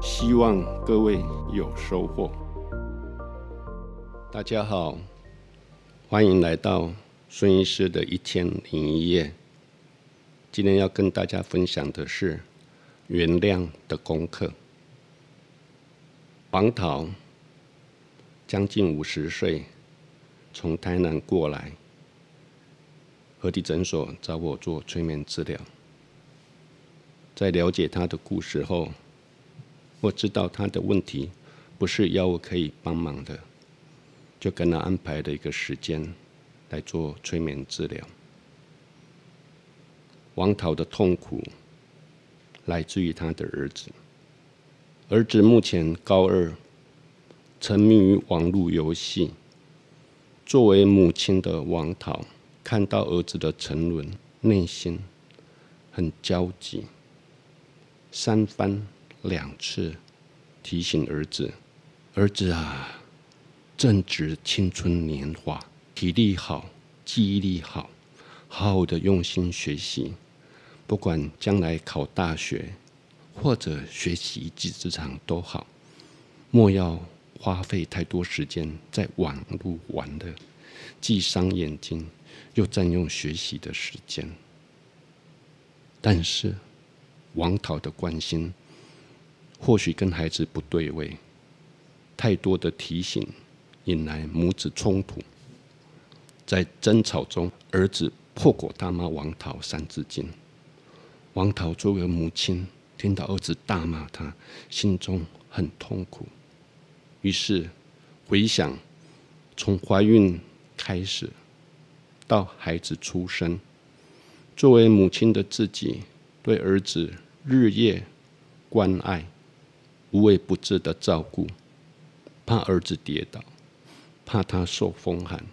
希望各位有收穫。大家好，歡迎來到孫醫師的一千零一夜，今天要跟大家分享的是原諒的功課。王桃將近五十歲，從台南過來，河堤診所找我做催眠治療。在了解他的故事後。我知道他的問題不是要我可以幫忙的，就跟他安排了一個時間來做催眠治療。王桃的痛苦來自於他的兒子，兒子目前高二，沉迷於網絡遊戲。作為母親的王桃，看到兒子的沉淪，內心很焦急，三番。兩次提醒兒子：“兒子啊，正值青春年華，體力好，記憶力好，好好的用心學習。不管將來考大學，或者學習一技之長都好，莫要花費太多時間在網路玩樂，既傷眼睛，又占用學習的時間。”但是王桃的關心。或許跟孩子不對位，太多的提醒引來母子衝突，在爭吵中，兒子破口大罵王桃三字經。王桃作為母親，聽到兒子大罵她，心中很痛苦，於是回想從懷孕開始到孩子出生，作為母親的自己對兒子日夜關愛。無微不至的照顧，怕兒子跌倒，怕他受風寒，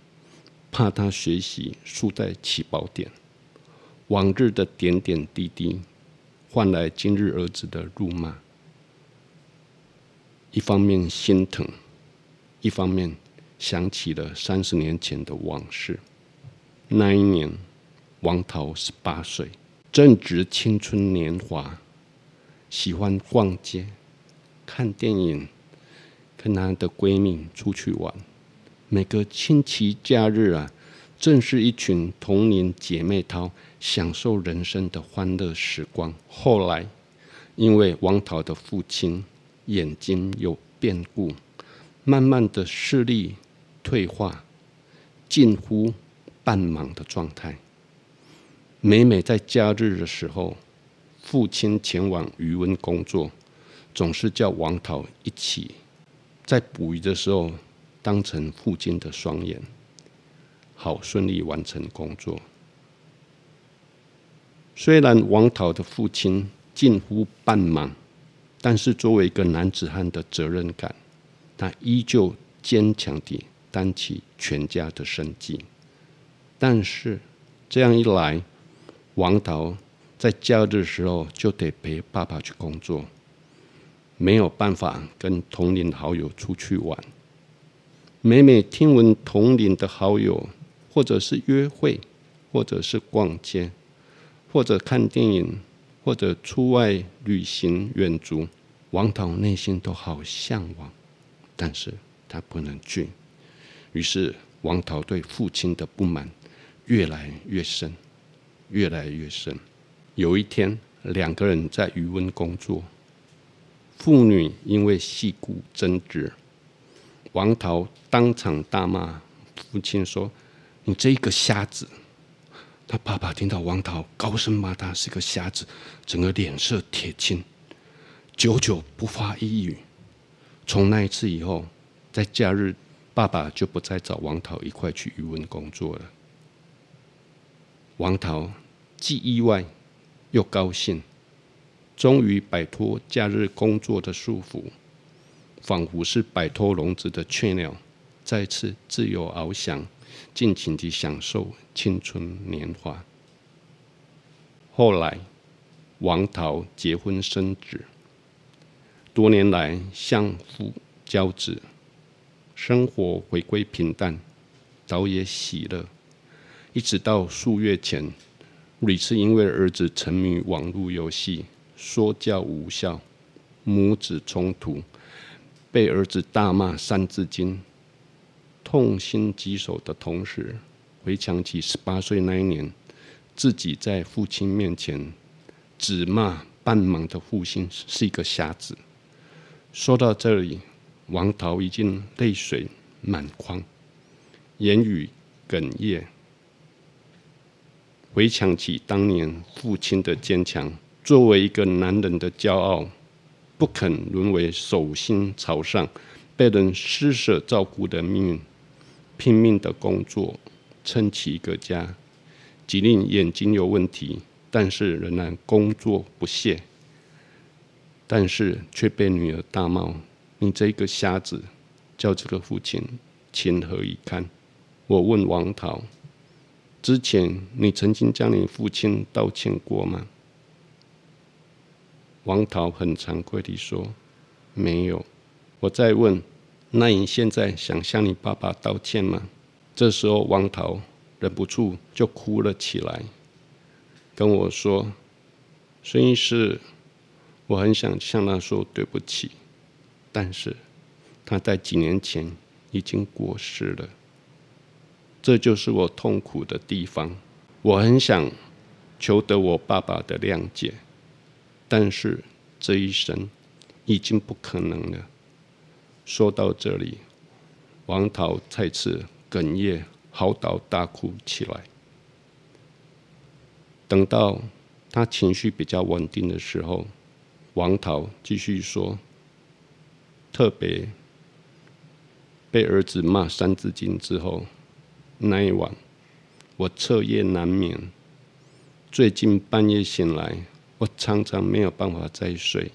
怕他學習輸在起跑點。往日的點點滴滴，換來今日兒子的辱罵。一方面心疼，一方面想起了三十年前的往事。那一年，王桃十八歲，正值青春年華，喜歡逛街。看電影，跟她的閨蜜出去玩。每個親戚假日啊，正是一群童年姐妹淘享受人生的歡樂時光。後來，因為王桃的父親眼睛有變故，慢慢的視力退化，近乎半盲的狀態。每每在假日的時候，父親前往余溫工作。總是叫王桃一起，在捕魚的時候當成父親的雙眼，好順利完成工作。雖然王桃的父親近乎半盲，但是作為一個男子漢的責任感，他依舊堅強地擔起全家的生計。但是這樣一來，王桃在假日的時候就得陪爸爸去工作，沒有辦法跟同齡的好友出去玩，每每聽聞同齡的好友，或者是約會，或者是逛街，或者看電影，或者出外旅行遠足，王桃內心都好嚮往，但是他不能去。於是，王桃對父親的不滿越來越深，越來越深。有一天，兩個人在余溫工作。父女因為細故爭執，王桃當場大罵父親說：“你這個瞎子！”他爸爸聽到王桃高聲罵他是個瞎子，整個臉色鐵青，久久不發一語。從那一次以後，在假日，爸爸就不再找王桃一塊去魚塭工作了。王桃既意外又高興。終於擺脫假日工作的束縛，仿佛是擺脫籠子的雀鳥，再次自由翱翔，盡情地享受青春年華。後來，王桃結婚生子，多年來相夫教子，生活回歸平淡，倒也喜樂。一直到數月前，屢次因為兒子沉迷網絡遊戲。說教無效，母子衝突，被兒子大罵《三字經》，痛心疾首的同時，回想起十八歲那一年，自己在父親面前只罵半盲的父親是一個瞎子。說到這裡，王桃已經淚水滿眶，言語哽咽，回想起當年父親的堅強。作為一個男人的驕傲，不肯淪為手心朝上、被人施捨照顧的命運，拼命的工作，撐起一個家。即令眼睛有問題，但是仍然工作不懈。但是卻被女兒大罵：“你這個瞎子，叫這個父親情何以堪？”我問王桃：“之前你曾經將你父親道歉過嗎？”王桃很慚愧地說：“沒有，我再問，那你現在想向你爸爸道歉嗎？”這時候，王桃忍不住就哭了起來，跟我說：“孫醫師，我很想向他說對不起，但是他在幾年前已經過世了。這就是我痛苦的地方。我很想求得我爸爸的諒解。”但是這一生已經不可能了。說到這裡，王桃再次哽咽、嚎啕大哭起來。等到他情緒比較穩定的時候，王桃繼續說：“特別被兒子罵《三字經》之後，那一晚我徹夜難眠。最近半夜醒來。”我常常沒有辦法再睡，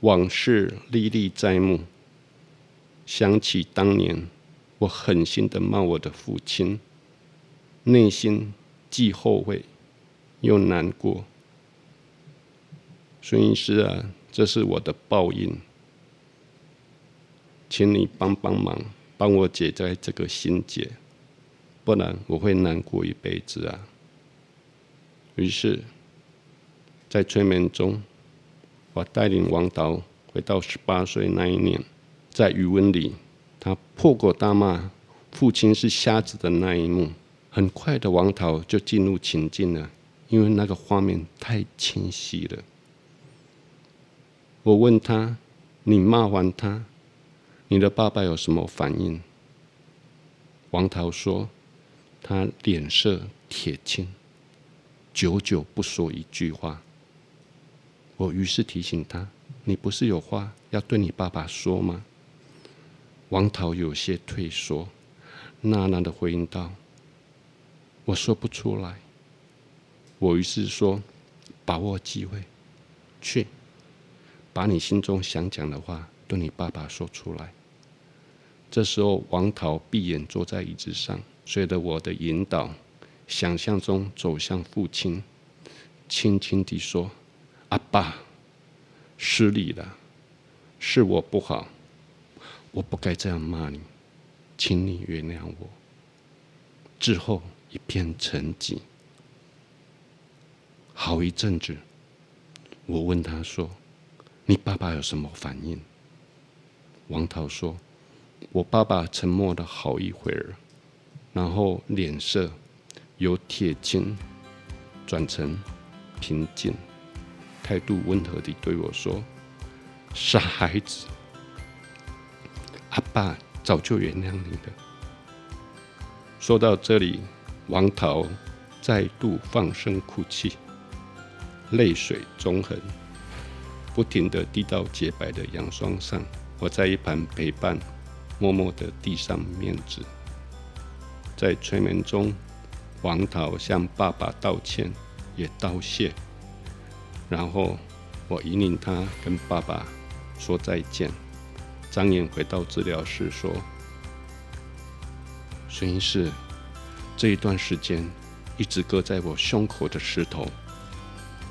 往事歷歷在目。想起當年，我狠心的罵我的父親，內心既後悔又難過。孫醫師啊，這是我的報應，請你幫幫忙，幫我解開這個心結，不然我會難過一輩子啊。於是。在催眠中，我帶領王桃回到十八歲那一年，在餘溫裡，他破口大罵父親是瞎子的那一幕。很快的，王桃就進入情境了，因為那個畫面太清晰了。我問他：“你罵完他，你的爸爸有什麼反應？”王桃說：“他臉色鐵青，久久不說一句話。”我於是提醒他：“你不是有話要對你爸爸說嗎？”王桃有些退縮，訥訥地回應道：“我說不出來。”我於是說：“把握機會，去把你心中想講的話對你爸爸說出來。”這時候，王桃閉眼坐在椅子上，隨着我的引導，想象中走向父親，輕輕地說。阿爸，失禮了，是我不好，我不該這樣罵你，請你原諒我。之後一片沉寂，好一陣子，我問他說：“你爸爸有什麼反應？”王桃說：“我爸爸沉默了好一會兒，然後臉色由鐵青轉成平靜。”態度溫和地對我說：“傻孩子，阿爸，爸早就原諒你的。”說到這裡，王桃再度放聲哭泣，淚水縱橫，不停地滴到潔白的陽霜上。我在一旁陪伴，默默地遞上面紙。在催眠中，王桃向爸爸道歉，也道謝。然後，我引領他跟爸爸說再見。張岩回到治療室說：“孫醫師，這一段時間一直擱在我胸口的石頭，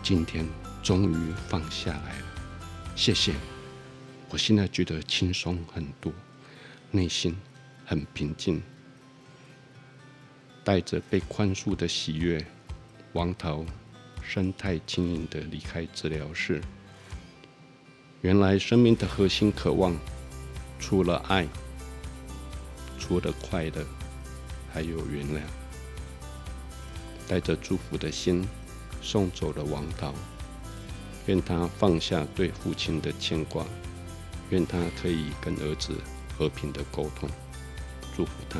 今天終於放下來了。謝謝，我現在覺得輕鬆很多，內心很平靜，帶着被寬恕的喜悅。”王桃。生態輕盈地離開治療室，原來生命的核心渴望，除了愛，除了快樂，還有原諒。帶着祝福的心，送走了王桃，願他放下對父親的牽掛，願他可以跟兒子和平的溝通，祝福他。